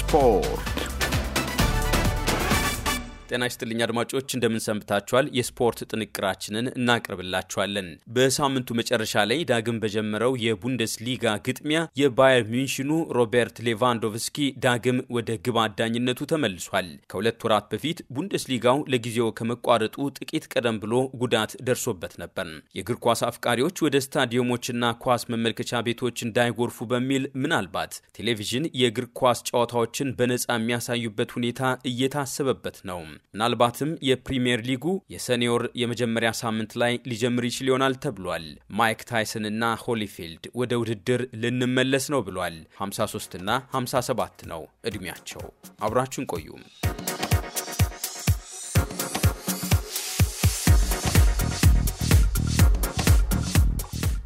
spor. ጤና ይስጥልኝ አድማጮች፣ እንደምንሰንብታችኋል። የስፖርት ጥንቅራችንን እናቀርብላችኋለን። በሳምንቱ መጨረሻ ላይ ዳግም በጀመረው የቡንደስሊጋ ግጥሚያ የባየር ሚንሽኑ ሮቤርት ሌቫንዶቭስኪ ዳግም ወደ ግብ አዳኝነቱ ተመልሷል። ከሁለት ወራት በፊት ቡንደስሊጋው ለጊዜው ከመቋረጡ ጥቂት ቀደም ብሎ ጉዳት ደርሶበት ነበር። የእግር ኳስ አፍቃሪዎች ወደ ስታዲየሞችና ኳስ መመልከቻ ቤቶች እንዳይጎርፉ በሚል ምናልባት ቴሌቪዥን የእግር ኳስ ጨዋታዎችን በነጻ የሚያሳዩበት ሁኔታ እየታሰበበት ነው። ምናልባትም የፕሪምየር ሊጉ የሰኒዮር የመጀመሪያ ሳምንት ላይ ሊጀምር ይችል ይሆናል ተብሏል። ማይክ ታይሰን እና ሆሊፊልድ ወደ ውድድር ልንመለስ ነው ብሏል። 53 እና 57 ነው እድሜያቸው። አብራችን ቆዩም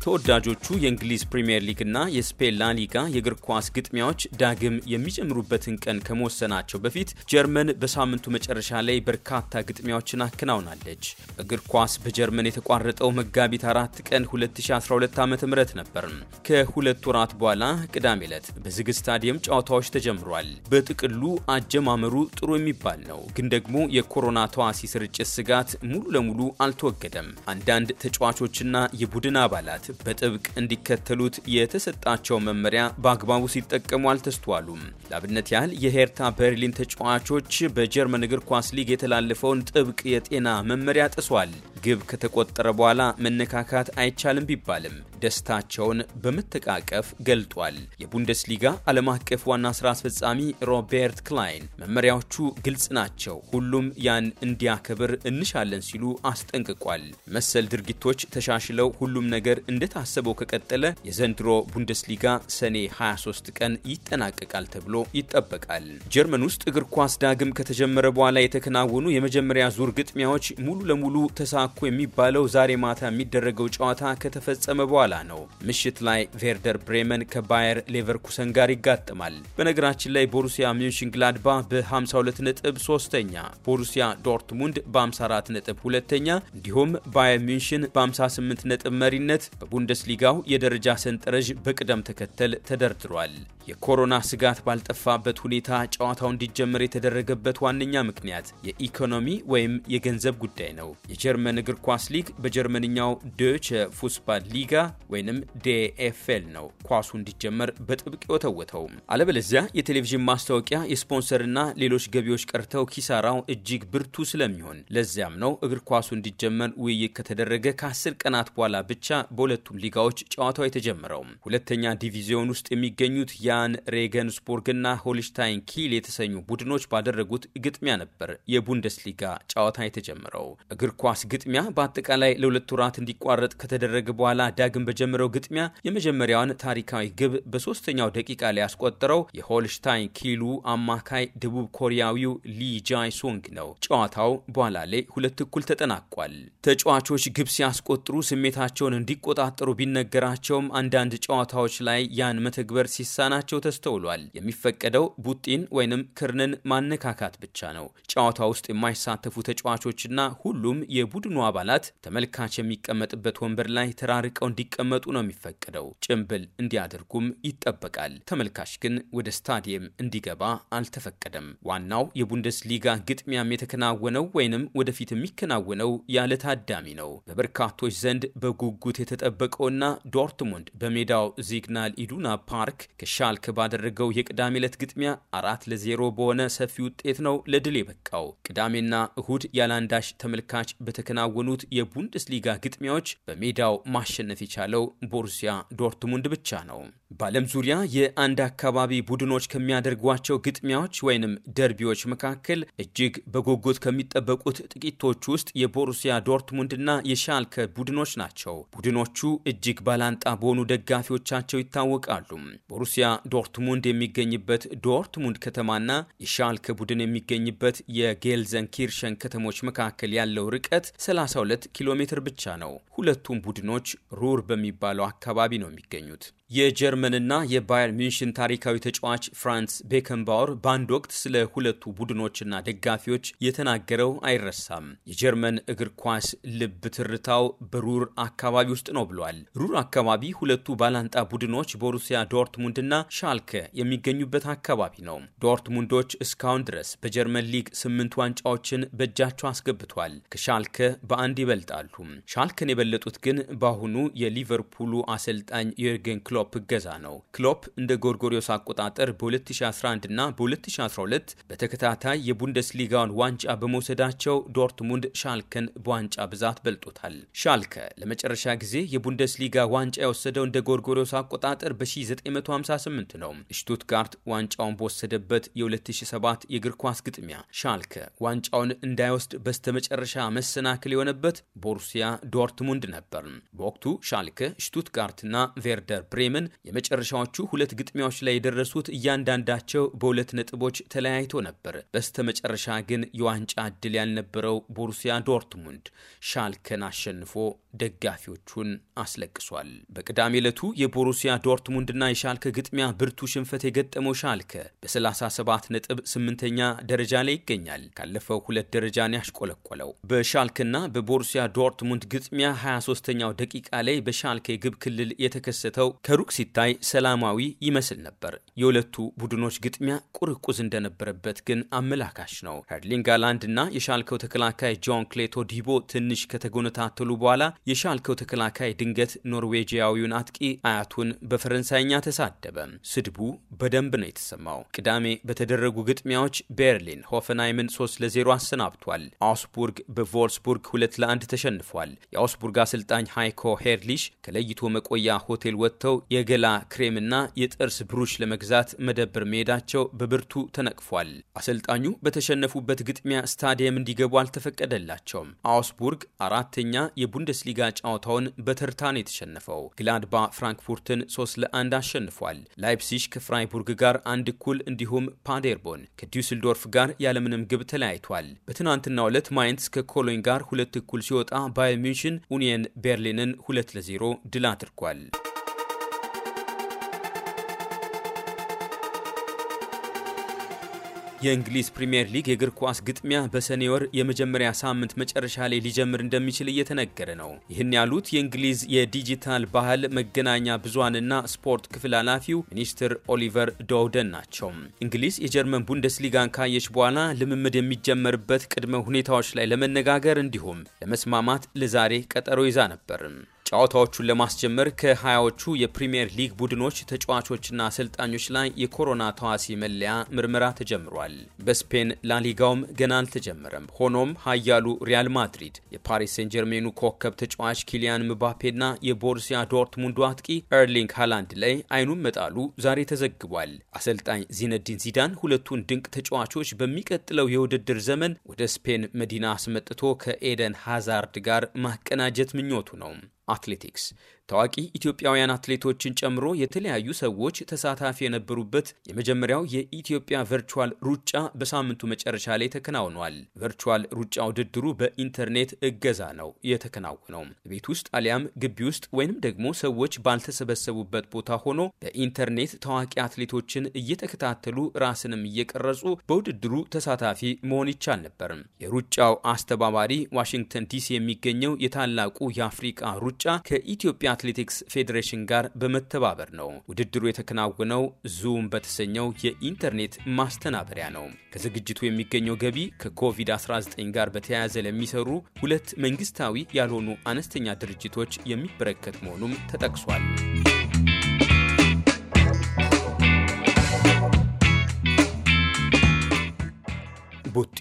ተወዳጆቹ የእንግሊዝ ፕሪምየር ሊግና የስፔን ላሊጋ የእግር ኳስ ግጥሚያዎች ዳግም የሚጀምሩበትን ቀን ከመወሰናቸው በፊት ጀርመን በሳምንቱ መጨረሻ ላይ በርካታ ግጥሚያዎችን አከናውናለች። እግር ኳስ በጀርመን የተቋረጠው መጋቢት አራት ቀን 2012 ዓ ም ነበር። ከሁለት ወራት በኋላ ቅዳሜ ዕለት በዝግ ስታዲየም ጨዋታዎች ተጀምሯል። በጥቅሉ አጀማመሩ ጥሩ የሚባል ነው፣ ግን ደግሞ የኮሮና ተዋሲ ስርጭት ስጋት ሙሉ ለሙሉ አልተወገደም። አንዳንድ ተጫዋቾችና የቡድን አባላት በጥብቅ እንዲከተሉት የተሰጣቸው መመሪያ በአግባቡ ሲጠቀሙ አልተስተዋሉም። ለአብነት ያህል የሄርታ በርሊን ተጫዋቾች በጀርመን እግር ኳስ ሊግ የተላለፈውን ጥብቅ የጤና መመሪያ ጥሷል። ግብ ከተቆጠረ በኋላ መነካካት አይቻልም ቢባልም ደስታቸውን በመተቃቀፍ ገልጧል። የቡንደስሊጋ ዓለም አቀፍ ዋና ሥራ አስፈጻሚ ሮቤርት ክላይን መመሪያዎቹ ግልጽ ናቸው፣ ሁሉም ያን እንዲያከብር እንሻለን ሲሉ አስጠንቅቋል። መሰል ድርጊቶች ተሻሽለው ሁሉም ነገር እንደታሰበው ከቀጠለ የዘንድሮ ቡንደስሊጋ ሰኔ 23 ቀን ይጠናቀቃል ተብሎ ይጠበቃል። ጀርመን ውስጥ እግር ኳስ ዳግም ከተጀመረ በኋላ የተከናወኑ የመጀመሪያ ዙር ግጥሚያዎች ሙሉ ለሙሉ ተሳ ሞናኮ የሚባለው ዛሬ ማታ የሚደረገው ጨዋታ ከተፈጸመ በኋላ ነው። ምሽት ላይ ቬርደር ብሬመን ከባየር ሌቨርኩሰን ጋር ይጋጥማል። በነገራችን ላይ ቦሩሲያ ሚንሽን ግላድባ በ52 ነጥብ ሶስተኛ፣ ቦሩሲያ ዶርትሙንድ በ54 ነጥብ ሁለተኛ፣ እንዲሁም ባየር ሚንሽን በ58 ነጥብ መሪነት በቡንደስሊጋው የደረጃ ሰንጠረዥ በቅደም ተከተል ተደርድሯል። የኮሮና ስጋት ባልጠፋበት ሁኔታ ጨዋታው እንዲጀመር የተደረገበት ዋነኛ ምክንያት የኢኮኖሚ ወይም የገንዘብ ጉዳይ ነው። የጀርመን የጀርመን እግር ኳስ ሊግ በጀርመንኛው ዶች ፉትባል ሊጋ ወይም ዴኤፍኤል ነው ኳሱ እንዲጀመር በጥብቅ የወተወተው። አለበለዚያ የቴሌቪዥን ማስታወቂያ፣ የስፖንሰርና ሌሎች ገቢዎች ቀርተው ኪሳራው እጅግ ብርቱ ስለሚሆን ለዚያም ነው እግር ኳሱ እንዲጀመር ውይይት ከተደረገ ከአስር ቀናት በኋላ ብቻ በሁለቱም ሊጋዎች ጨዋታው የተጀመረው። ሁለተኛ ዲቪዚዮን ውስጥ የሚገኙት ያን ሬገንስቦርግና ሆልሽታይን ኪል የተሰኙ ቡድኖች ባደረጉት ግጥሚያ ነበር የቡንደስሊጋ ጨዋታ የተጀመረው። እግር ኳስ ግጥ ግጥሚያ በአጠቃላይ ለሁለት ወራት እንዲቋረጥ ከተደረገ በኋላ ዳግም በጀመረው ግጥሚያ የመጀመሪያውን ታሪካዊ ግብ በሶስተኛው ደቂቃ ላይ ያስቆጠረው የሆልሽታይን ኪሉ አማካይ ደቡብ ኮሪያዊው ሊ ጃይ ሶንግ ነው። ጨዋታው በኋላ ላይ ሁለት እኩል ተጠናቋል። ተጫዋቾች ግብ ሲያስቆጥሩ ስሜታቸውን እንዲቆጣጠሩ ቢነገራቸውም አንዳንድ ጨዋታዎች ላይ ያን መተግበር ሲሳናቸው ተስተውሏል። የሚፈቀደው ቡጢን ወይንም ክርንን ማነካካት ብቻ ነው። ጨዋታ ውስጥ የማይሳተፉ ተጫዋቾችና ሁሉም የቡድኑ የቡድኑ አባላት ተመልካች የሚቀመጥበት ወንበር ላይ ተራርቀው እንዲቀመጡ ነው የሚፈቀደው። ጭንብል እንዲያደርጉም ይጠበቃል። ተመልካች ግን ወደ ስታዲየም እንዲገባ አልተፈቀደም። ዋናው የቡንደስሊጋ ግጥሚያም የተከናወነው ወይንም ወደፊት የሚከናወነው ያለ ታዳሚ ነው። በበርካቶች ዘንድ በጉጉት የተጠበቀውና ዶርትሙንድ በሜዳው ዚግናል ኢዱና ፓርክ ከሻልክ ባደረገው የቅዳሜ ዕለት ግጥሚያ አራት ለዜሮ በሆነ ሰፊ ውጤት ነው ለድል የበቃው። ቅዳሜና እሁድ አንዳች ተመልካች በተከና በተከናወኑት የቡንደስሊጋ ግጥሚያዎች በሜዳው ማሸነፍ የቻለው ቦሩሲያ ዶርትሙንድ ብቻ ነው። በዓለም ዙሪያ የአንድ አካባቢ ቡድኖች ከሚያደርጓቸው ግጥሚያዎች ወይንም ደርቢዎች መካከል እጅግ በጉጉት ከሚጠበቁት ጥቂቶች ውስጥ የቦሩሲያ ዶርትሙንድና የሻልከ ቡድኖች ናቸው። ቡድኖቹ እጅግ ባላንጣ በሆኑ ደጋፊዎቻቸው ይታወቃሉ። ቦሩሲያ ዶርትሙንድ የሚገኝበት ዶርትሙንድ ከተማና የሻልከ ቡድን የሚገኝበት የጌልዘን ኪርሸን ከተሞች መካከል ያለው ርቀት 32 ኪሎ ሜትር ብቻ ነው። ሁለቱም ቡድኖች ሩር በሚባለው አካባቢ ነው የሚገኙት። የጀርመንና የባየር ሚንሽን ታሪካዊ ተጫዋች ፍራንስ ቤከንባወር በአንድ ወቅት ስለ ሁለቱ ቡድኖችና ደጋፊዎች የተናገረው አይረሳም። የጀርመን እግር ኳስ ልብ ትርታው በሩር አካባቢ ውስጥ ነው ብሏል። ሩር አካባቢ ሁለቱ ባላንጣ ቡድኖች ቦሩሲያ ዶርትሙንድና ሻልከ የሚገኙበት አካባቢ ነው። ዶርትሙንዶች እስካሁን ድረስ በጀርመን ሊግ ስምንት ዋንጫዎችን በእጃቸው አስገብቷል። ከሻልከ በአንድ ይበልጣሉ። ሻልከን የበለጡት ግን በአሁኑ የሊቨርፑሉ አሰልጣኝ የርገን ክሎ ክሎፕ እገዛ ነው። ክሎፕ እንደ ጎርጎሪዮስ አቆጣጠር በ2011 እና በ2012 በተከታታይ የቡንደስሊጋውን ዋንጫ በመውሰዳቸው ዶርትሙንድ ሻልከን በዋንጫ ብዛት በልጦታል። ሻልከ ለመጨረሻ ጊዜ የቡንደስሊጋ ዋንጫ የወሰደው እንደ ጎርጎሪዮስ አቆጣጠር በ1958 ነው። ሽቱትጋርት ዋንጫውን በወሰደበት የ2007 የእግር ኳስ ግጥሚያ ሻልከ ዋንጫውን እንዳይወስድ በስተመጨረሻ መሰናክል የሆነበት ቦሩሲያ ዶርትሙንድ ነበር። በወቅቱ ሻልከ ሽቱትጋርትና ቬርደር ብሬም ጀርመን የመጨረሻዎቹ ሁለት ግጥሚያዎች ላይ የደረሱት እያንዳንዳቸው በሁለት ነጥቦች ተለያይቶ ነበር። በስተ መጨረሻ ግን የዋንጫ እድል ያልነበረው ቦሩሲያ ዶርትሙንድ ሻልከን አሸንፎ ደጋፊዎቹን አስለቅሷል። በቅዳሜ ዕለቱ የቦሩሲያ ዶርትሙንድና የሻልከ ግጥሚያ ብርቱ ሽንፈት የገጠመው ሻልከ በ37 ነጥብ ስምንተኛ ደረጃ ላይ ይገኛል። ካለፈው ሁለት ደረጃን ያሽቆለቆለው በሻልክና በቦሩሲያ ዶርትሙንድ ግጥሚያ 23ኛው ደቂቃ ላይ በሻልከ የግብ ክልል የተከሰተው ከሩቅ ሲታይ ሰላማዊ ይመስል ነበር። የሁለቱ ቡድኖች ግጥሚያ ቁርቁዝ እንደነበረበት ግን አመላካሽ ነው። ሄርሊንግ ሃላንድ እና የሻልከው ተከላካይ ጆን ክሌቶ ዲቦ ትንሽ ከተጎነታተሉ በኋላ የሻልከው ተከላካይ ድንገት ኖርዌጂያዊውን አጥቂ አያቱን በፈረንሳይኛ ተሳደበ። ስድቡ በደንብ ነው የተሰማው። ቅዳሜ በተደረጉ ግጥሚያዎች ቤርሊን ሆፈንሃይምን 3 ለ0 አሰናብቷል። አውስቡርግ በቮልስቡርግ 2 ለ1 ተሸንፏል። የአውስቡርግ አሰልጣኝ ሃይኮ ሄርሊሽ ከለይቶ መቆያ ሆቴል ወጥተው የገላ ክሬምና የጥርስ ብሩሽ ለመግዛት መደብር መሄዳቸው በብርቱ ተነቅፏል። አሰልጣኙ በተሸነፉበት ግጥሚያ ስታዲየም እንዲገቡ አልተፈቀደላቸውም። አውስቡርግ አራተኛ የቡንደስሊ ሊጋ ጨዋታውን በተርታን የተሸነፈው ግላድባ ፍራንክፉርትን 3 1 አሸንፏል። ላይፕሲሽ ከፍራይቡርግ ጋር አንድ እኩል እንዲሁም ፓዴርቦን ከዲውስልዶርፍ ጋር ያለምንም ግብ ተለያይቷል። በትናንትናው ዕለት ማይንስ ከኮሎኝ ጋር ሁለት እኩል ሲወጣ ባየር ሚንሽን ኡኒየን ቤርሊንን 2 ለ0 ድል አድርጓል። የእንግሊዝ ፕሪምየር ሊግ የእግር ኳስ ግጥሚያ በሰኔ ወር የመጀመሪያ ሳምንት መጨረሻ ላይ ሊጀምር እንደሚችል እየተነገረ ነው። ይህን ያሉት የእንግሊዝ የዲጂታል ባህል መገናኛ ብዙሃንና ስፖርት ክፍል ኃላፊው ሚኒስትር ኦሊቨር ዶውደን ናቸው። እንግሊዝ የጀርመን ቡንደስሊጋን ካየች በኋላ ልምምድ የሚጀመርበት ቅድመ ሁኔታዎች ላይ ለመነጋገር እንዲሁም ለመስማማት ለዛሬ ቀጠሮ ይዛ ነበርም። ጨዋታዎቹን ለማስጀመር ከሀያዎቹ የፕሪምየር ሊግ ቡድኖች ተጫዋቾችና አሰልጣኞች ላይ የኮሮና ተዋሲ መለያ ምርመራ ተጀምሯል። በስፔን ላሊጋውም ገና አልተጀመረም። ሆኖም ሀያሉ ሪያል ማድሪድ የፓሪስ ሴን ጀርሜኑ ኮከብ ተጫዋች ኪሊያን ምባፔና የቦሩሲያ ዶርትሙንዱ አጥቂ ኤርሊንግ ሃላንድ ላይ አይኑን መጣሉ ዛሬ ተዘግቧል። አሰልጣኝ ዚነዲን ዚዳን ሁለቱን ድንቅ ተጫዋቾች በሚቀጥለው የውድድር ዘመን ወደ ስፔን መዲና አስመጥቶ ከኤደን ሃዛርድ ጋር ማቀናጀት ምኞቱ ነው። athletics ታዋቂ ኢትዮጵያውያን አትሌቶችን ጨምሮ የተለያዩ ሰዎች ተሳታፊ የነበሩበት የመጀመሪያው የኢትዮጵያ ቨርቹዋል ሩጫ በሳምንቱ መጨረሻ ላይ ተከናውኗል። ቨርቹዋል ሩጫ ውድድሩ በኢንተርኔት እገዛ ነው የተከናወነው። ቤት ውስጥ አሊያም ግቢ ውስጥ ወይንም ደግሞ ሰዎች ባልተሰበሰቡበት ቦታ ሆኖ በኢንተርኔት ታዋቂ አትሌቶችን እየተከታተሉ ራስንም እየቀረጹ በውድድሩ ተሳታፊ መሆን ይቻል ነበር። የሩጫው አስተባባሪ ዋሽንግተን ዲሲ የሚገኘው የታላቁ የአፍሪቃ ሩጫ ከኢትዮጵያ አትሌቲክስ ፌዴሬሽን ጋር በመተባበር ነው። ውድድሩ የተከናወነው ዙም በተሰኘው የኢንተርኔት ማስተናበሪያ ነው። ከዝግጅቱ የሚገኘው ገቢ ከኮቪድ-19 ጋር በተያያዘ ለሚሰሩ ሁለት መንግስታዊ ያልሆኑ አነስተኛ ድርጅቶች የሚበረከት መሆኑም ተጠቅሷል። ቡጢ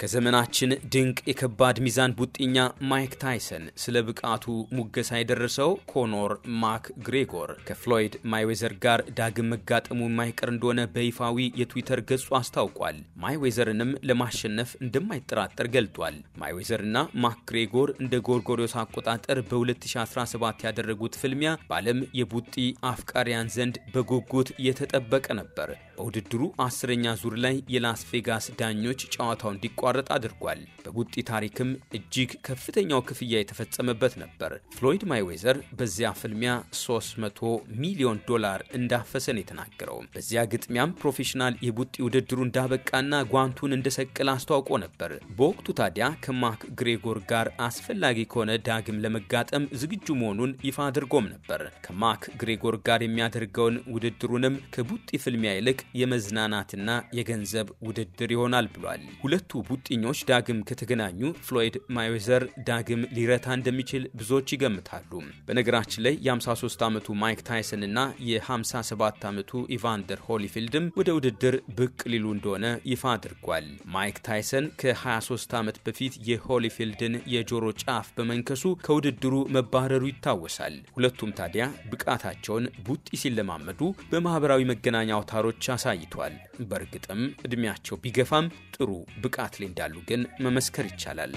ከዘመናችን ድንቅ የከባድ ሚዛን ቡጢኛ ማይክ ታይሰን ስለ ብቃቱ ሙገሳ የደረሰው ኮኖር ማክ ግሬጎር ከፍሎይድ ማይዌዘር ጋር ዳግም መጋጠሙ የማይቀር እንደሆነ በይፋዊ የትዊተር ገጹ አስታውቋል። ማይዌዘርንም ለማሸነፍ እንደማይጠራጠር ገልጧል። ማይዌዘርና ማክ ግሬጎር እንደ ጎርጎሪዮስ አቆጣጠር በ2017 ያደረጉት ፍልሚያ በዓለም የቡጢ አፍቃሪያን ዘንድ በጉጉት የተጠበቀ ነበር። በውድድሩ አስረኛ ዙር ላይ የላስ ቬጋስ ዳኞች ጨዋታው እንዲቋ እንዲቋረጥ አድርጓል። በቡጢ ታሪክም እጅግ ከፍተኛው ክፍያ የተፈጸመበት ነበር። ፍሎይድ ማይዌዘር በዚያ ፍልሚያ 300 ሚሊዮን ዶላር እንዳፈሰን የተናገረው በዚያ ግጥሚያም ፕሮፌሽናል የቡጢ ውድድሩ እንዳበቃና ጓንቱን እንደሰቅል አስተዋውቆ ነበር። በወቅቱ ታዲያ ከማክ ግሬጎር ጋር አስፈላጊ ከሆነ ዳግም ለመጋጠም ዝግጁ መሆኑን ይፋ አድርጎም ነበር። ከማክ ግሬጎር ጋር የሚያደርገውን ውድድሩንም ከቡጢ ፍልሚያ ይልቅ የመዝናናትና የገንዘብ ውድድር ይሆናል ብሏል። ሁለቱ ሙጥኞች ዳግም ከተገናኙ ፍሎይድ ማይዌዘር ዳግም ሊረታ እንደሚችል ብዙዎች ይገምታሉ። በነገራችን ላይ የ53 ዓመቱ ማይክ ታይሰን እና የ57 ዓመቱ ኢቫንደር ሆሊፊልድም ወደ ውድድር ብቅ ሊሉ እንደሆነ ይፋ አድርጓል። ማይክ ታይሰን ከ23 ዓመት በፊት የሆሊፊልድን የጆሮ ጫፍ በመንከሱ ከውድድሩ መባረሩ ይታወሳል። ሁለቱም ታዲያ ብቃታቸውን ቡጢ ሲለማመዱ በማህበራዊ መገናኛ አውታሮች አሳይቷል። በእርግጥም ዕድሜያቸው ቢገፋም ጥሩ ብቃት ላይ እንዳሉ ግን መመስከር ይቻላል።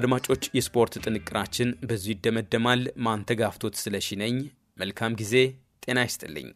አድማጮች፣ የስፖርት ጥንቅራችን በዚሁ ይደመደማል። ማንተጋፍቶት ስለሺ ነኝ። መልካም ጊዜ። ጤና ይስጥልኝ።